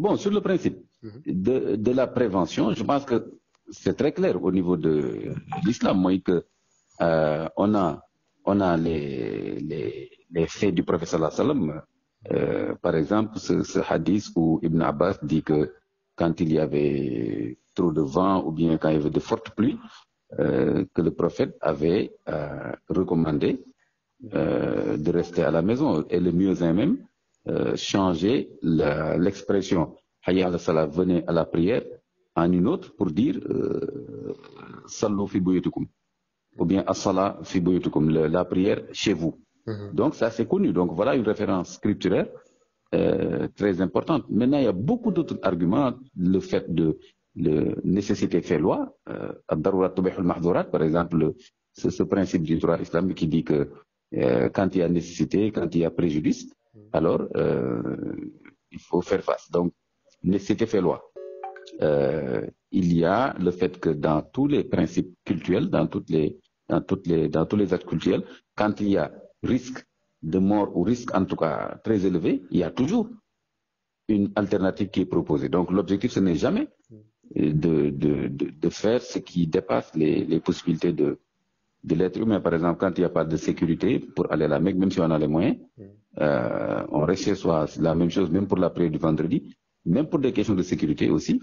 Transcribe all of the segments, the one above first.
Bon, sur le principe mhm. de, de la prévention, je pense que c'est très clair au niveau de l'islam, moi, que euh, on a on a les, les, les faits du prophète sallam. Euh, par exemple, ce, ce, hadith où Ibn Abbas dit que quand il y avait trop de vent ou bien quand il y avait de forte pluie euh, que le prophète avait euh, recommandé euh, de rester à la maison. Et le mieux même, euh, changer l'expression hayya ala salah venez à la prière en une autre pour dire euh, sallu fi buyutikum ou bien as-salah fi buyutikum la prière chez vous mm donc ça c'est connu donc voilà une référence scripturaire euh, très importante maintenant il a beaucoup d'autres arguments le fait de le nécessité fait loi euh, ad-darurat tubihul mahdhurat par exemple ce, ce principe du droit islamique qui dit que euh, quand il y a nécessité quand il y a préjudice alors euh, il faut faire face donc nécessité fait loi euh, il y a le fait que dans tous les principes cultuels dans toutes les dans toutes les dans tous les actes cultuels quand il y a risque de mort ou risque en tout cas très élevé il y a toujours une alternative qui est proposée donc l'objectif ce n'est jamais de, de de de faire ce qui dépasse les possibilités de de l'être humain par exemple quand il n'y a pas de sécurité pour aller à la Mecque même si on a les moyens mm. euh, on reste soit soi. La même chose, même pour la prière du vendredi, même pour des questions de sécurité aussi.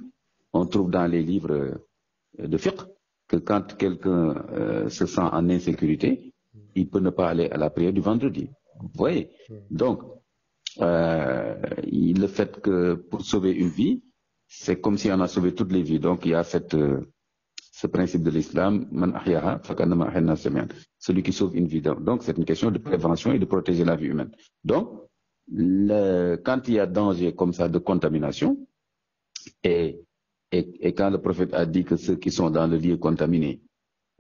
On trouve dans les livres euh, de fiqh que quand quelqu'un euh, se sent en insécurité, il peut ne pas aller à la prière du vendredi. Vous voyez Donc, euh, le fait que pour sauver une vie, c'est comme si on a sauvé toutes les vies. Donc, il y a cette, euh, ce principe de l'islam, man ahyaha fakannama ahyanna jami'an, celui qui sauve une Donc c'est une question de prévention et de protéger la humaine. Donc quand il y a danger comme ça de contamination et, quand le prophète a dit que ceux qui sont dans le lieu contaminé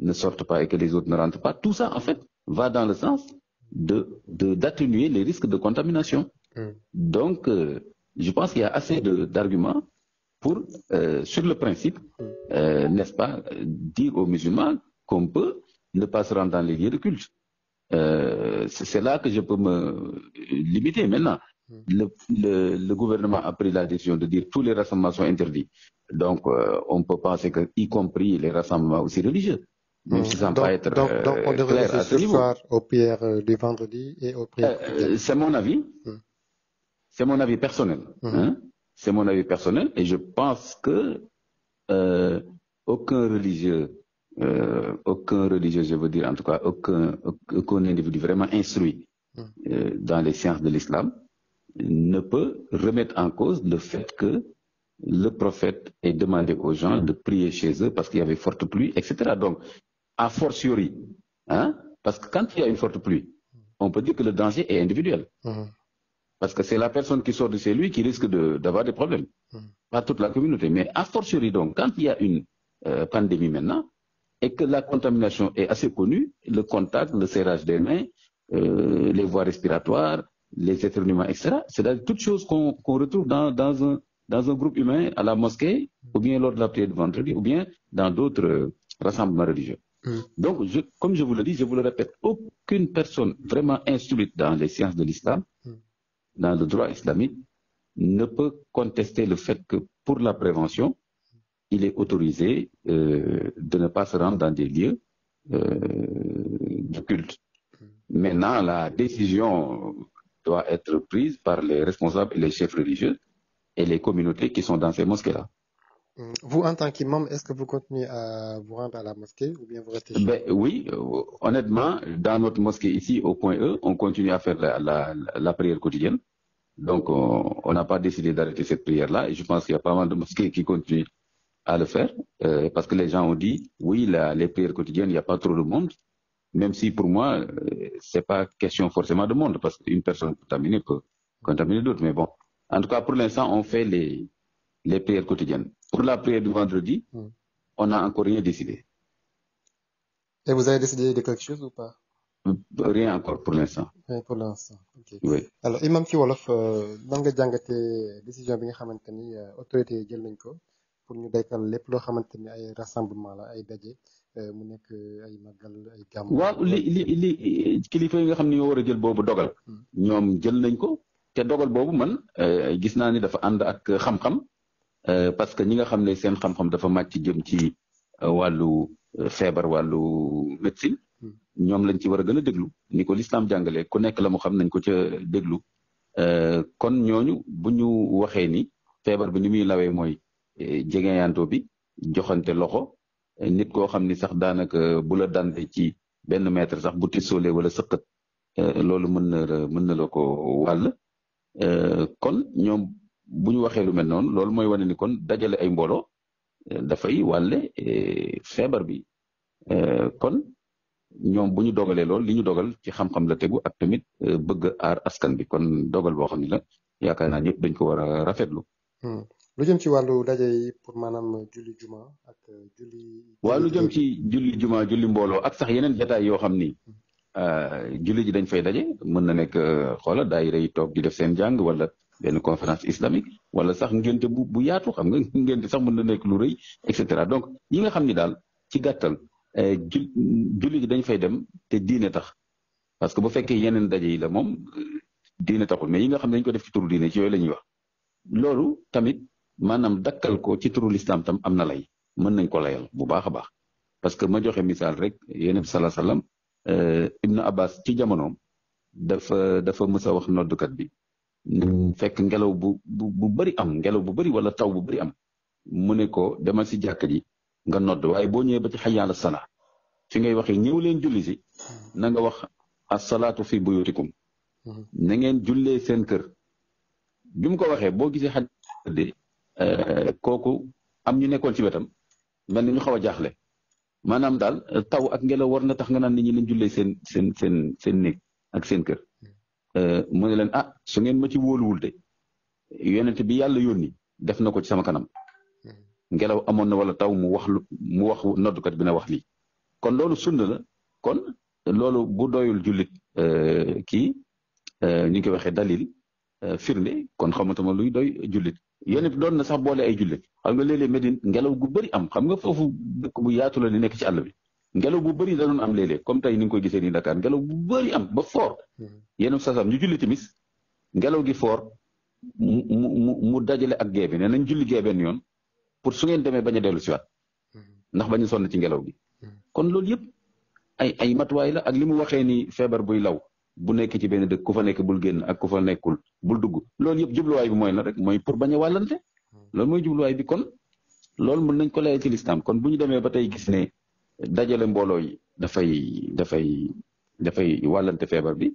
ne sortent pas et que les autres ne rentrent pas, tout ça en fait va dans le sens de d'atténuer de, les risques de contamination. Hmm. Donc euh, je pense qu'il y a assez d'arguments pour, euh, sur le principe, mm. euh, n'est-ce pas, dire aux musulmans qu'on peut ne pas dans les lieux de culte. Euh, c'est là que je peux me limiter maintenant. Mm. Le, gouvernement a pris la décision de dire tous les rassemblements sont interdits. Donc, euh, on peut penser que, y compris les rassemblements aussi religieux. Même mm. si ça donc, pas être donc, aux prières du vendredi et aux prières. c'est mon avis. personnel. C'est mon avis personnel et je pense que euh, aucun religieux, euh, aucun religieux, je veux dire en tout cas, aucun, aucun individu vraiment instruit hmm. euh, dans les sciences de l'islam ne peut remettre en cause le fait que le prophète ait demandé aux gens hmm. de prier chez eux parce qu'il y avait forte pluie, etc. Donc, a fortiori, hein, parce que quand il y a une forte pluie, on peut dire que le danger est individuel. Mmh. Parce que c'est la personne qui sort de chez lui qui risque d'avoir de, des problèmes. Mmh. Pas toute la communauté. Mais a fortiori, donc, quand il y a une euh, pandémie maintenant et que la contamination est assez connue, le contact, le serrage des mains, euh, les voies respiratoires, les éternuements, etc., c'est-à-dire toutes choses qu'on retrouve dans, un, dans un groupe humain à la mosquée, hmm. ou bien lors de la prière de vendredi, ou bien dans d'autres euh, rassemblements religieux. Mmh. Donc, je, comme je vous le dis, dans le droit islamique ne peut contester le fait que pour la prévention, il est autorisé euh, de ne pas se rendre dans des lieux euh, de culte. Maintenant, la décision doit être prise par les responsables et les chefs religieux et les communautés qui sont dans ces mosquées-là. Mm. Vous, en tant qu'imam, est-ce que vous continuez à vous rendre à la mosquée ou bien vous restez chez ben, euh, dans notre mosquée ici, au point E, on continue à faire la, la, prière quotidienne. Donc, on n'a pas décidé d'arrêter cette prière-là. Et je pense qu'il y a pas mal de qui continuent à le faire. Euh, parce que les gens ont dit, oui, les prières quotidiennes, il n'y a pas trop de monde. Même si pour moi, euh, c'est pas question forcément de monde, parce qu'une personne contaminée les prières quotidiennes. Pour la prière du vendredi, mm. on n'a encore rien décidé. Et vous avez décidé de quelque chose ou pas? rien encore pour l'instant. rien pour l'instant ok. oui alors imam ci wolof euh, nan nga décision bi nga xamante ni euh, autorité yi jël nañ ko pour ñu daykal lépp loo xamante ni ay rassemblement la ay daje euh, mu nekk ay màggal ay gàmm. waaw li li li kilifa yi nga xam ne ñoo war a jël boobu dogal. Hmm. ñoom jël nañ ko te dogal boobu man gis naa ni dafa ànd ak xam-xam. Euh, parce que ñi nga xam ne seen xam-xam dafa màcc jëm ci euh, wàllu euh, feebar wàllu médecine hmm. ñoom lañ ci war a gën a déglu ni ko lislaam jàngale ku nekk la mu xam nañ ko ca déglu kon ñooñu bu ñu waxee ni feebar bi ni muy lawee mooy jegeyanto bi joxante loxo nit koo xam ni sax daanaka bula la ci benn mètre sax bu tisoolee wala sëqët loolu mën na mën na la ko wàll kon ñoom bu ñu waxee lu mel noonu loolu mooy wane ni kon dajale ay mbooloo euh, dafay wàlle euh, feebar bi euh, kon ñoom bu ñu dogalee lool li ñu dogal ci xam-xam la tegu ak tamit bëgg aar askan bi kon dogal boo xam ne la yaakaar naa ñëpp dañ ko war a rafetlu. Hmm. lu jëm wàllu daje pour maanaam julli juma ak julli. lu jëm ci julli juma julli mbooloo ak sax yeneen jataay yoo xam ni. Hmm. julli ji dañ fay daje mën na nekk xoola daay rey toog di def seen jàng wala benn conférence islamique wala sax ngénte bu bu yaatu xam nga ngénte sax mën na nekk lu rëy et cetera donc yi nga xam ni daal ci gàttal eh, ju julli gi dañ fay dem te diine tax parce que bu fekkee yeneen daje yi la moom euh, diine taxul mais yi nga xam ne dañ ko def ci turu diine ci yooyu lañuy wax loolu tamit maanaam dakkal ko ci turu lislaam tam am na lay mën nañ ko layal bu baax a baax parce que ma joxe misaal rek yéen bi salaa salaam euh, Ibnu Abbas ci jamono dafa dafa mës wax noddukat bi fekk ngelaw bu bu bu bëri am ngelaw bu bari wala taw bu bëri am mu ne ko demal si jàkka ji nga nodd waaye boo ñëwee ba ci xayyaala salaa fi ngay waxee ñëw leen julli si na nga wax asalaatu fi buyutikum mm-hmm. na ngeen jullee seen kër bi mu ko waxee boo gisee xaj de euh, kooku am ñu nekkoon ci wetam mel ni ñu xaw a jaaxle maanaam daal taw ak ngelaw war na tax nga naan nit ñu nañ jullee seen seen seen seen néeg ak seen kër mu ne leen ah su ngeen ma ci wóoluwul de yonent bi yàlla yoon yónni def na ko ci sama kanam hmm. ngelaw amoon na wala taw mu wax lu mu wax noddukat bi na wax lii kon loolu sunna la kon loolu bu doyul jullit euh, kii euh, ñu ngi koy waxee dalil euh, firnde kon xamatuma luy doy jullit yonent doon na sax boole ay jullit xam nga léeg-léeg ngelaw gu bëri am xam nga foofu dëkk bu yaatu la li nekk ci àll bi ngelaw bu bëri da am léeg-léeg comme tey ni nga koy gisee ni Dakar ngelaw bu bëri am ba foor hmm. yenn sasam ñu julli timis ngelaw gi foor mu mu mu dajale ak gée bi ne nañ julli gée yoon pour su ngeen demee bañ a dellu siwaat hmm. ndax bañu sonn ci ngelaw gi hmm. kon loolu yëpp ay ay matuwaay la ak li mu waxee ni feebar buy law bu nekk ci benn dëkk ku fa nekk bul génn ak ku fa nekkul bul dugg loolu yëpp jubluwaay bi mooy la rek mooy pour bañ a wàllante loolu mooy jubluwaay bi kon loolu mën nañ ko layee ci lislaam kon bu ñu demee ba tey gis ne dajale mbooloo yi dafay dafay dafay wàllante feebar bi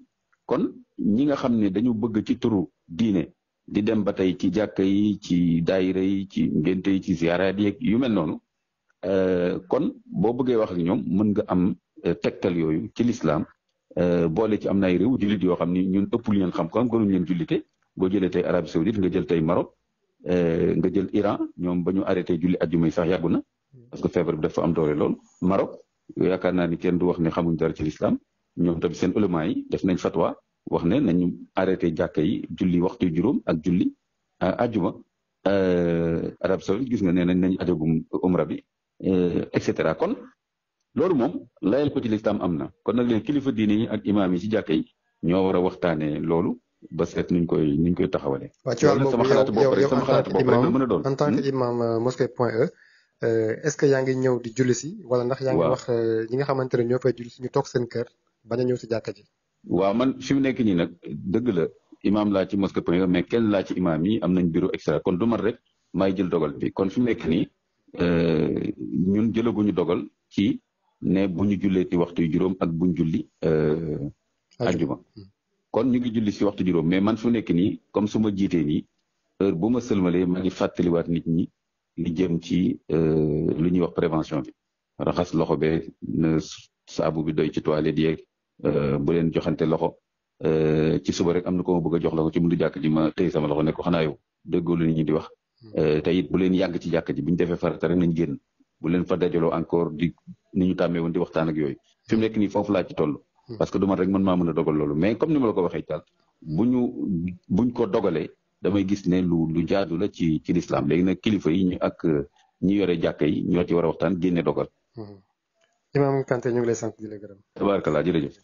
kon ñi nga xam ne dañu bëgg ci turu diine di dem ba tey ci jàkka yi ci daayira yi ci ngénte yi ci ziyaaraat yi yu mel noonu euh, kon boo bëggee wax ñoom mën nga am euh, tegtal yooyu ci lislaam euh, boole ci am na ay réew jullit yoo xam ni ñun ëpp lu leen xam-xam gënuñ leen jullite boo jëlee tey Arabie Saoudite nga jël tey Maroc nga jël Iran ñoom ba ñu arrêté julli ajjuma yi sax yàggu na parce que feebar bi dafa am doole lool. Maroc yaakaar naa ni kenn du wax ne xamuñ dara ci lislaam ñoom tamit seen ulama yi def nañ fatwa wax nañ nañu arrêté jàkka yi julli waxtu juróom ak julli ajjuma euh, arab saoudite gis nga nee nañ nañ ajogum umra bi euh, et cetera kon loolu moom layal ko ci lislaam am na kon nag léegi kilifa diine yi ak imaam yi ci jàkka yi ñoo war a waxtaanee loolu ba seet nuñ koy nuñ koy taxawalee. waaw ci sama xalaatu bopp sama xalaatu bopp rek la a doon. Euh, est-ce que yaa ngi ñëw di julli si. wala ndax yaa ngi wax euh, ñi nga xamante ne ñoo fay julli si ñu toog seen kër bañ ñëw si jàkka ji. waaw man fi mu nekk nii nag dëgg la imaam laa ci mosquée première mais kenn laa ci imaam yi am nañ bureau extra kon du man rek maay jël dogal bi kon fi mu nekk nii euh, ñun jëlaguñu dogal ci ne bu ñu jullee ci waxtu juróom ak bu ñu julli. ajjuma kon ñu ngi julli si waxtu juróom mais man fu nekk nii comme su ma jiitee nii heure bu ma sëlmalee ma ngi fàttaliwaat nit ñi. li jëm ci euh, lu ñuy wax prévention bi raxas loxo be na saabu bi doy ci toilette yeeg euh, bu leen joxante loxo euh, ci suba rek am na ko ma bëgg a jox loxo ci mundu jàkk ji ma tëy sama loxo ne ko xanaa yow déggoo lu nit ñi di wax hmm. te it bu leen yàgg ci jàkk ji bu ñu defee farata rek nañ génn bu leen fa dajaloo encore di ni ñu tàmmee woon di waxtaan ak yooyu fi mu nekk nii foofu laa ci tol hmm. parce que du man rek man maa mën a dogal loolu mais comme ni ma la ko waxee daal bu ñu buñ ko dogalee damay gis ne lu lu jaadu la ci ci lislaam léegi nag kilifa yi ñu ak ñi yore jàkka yi ñoo ci war a waxtaan génne dogal. Hmm. Imam Kanté ñu ngi lay sant di la gërëm. tabaarkalla jërëjëf.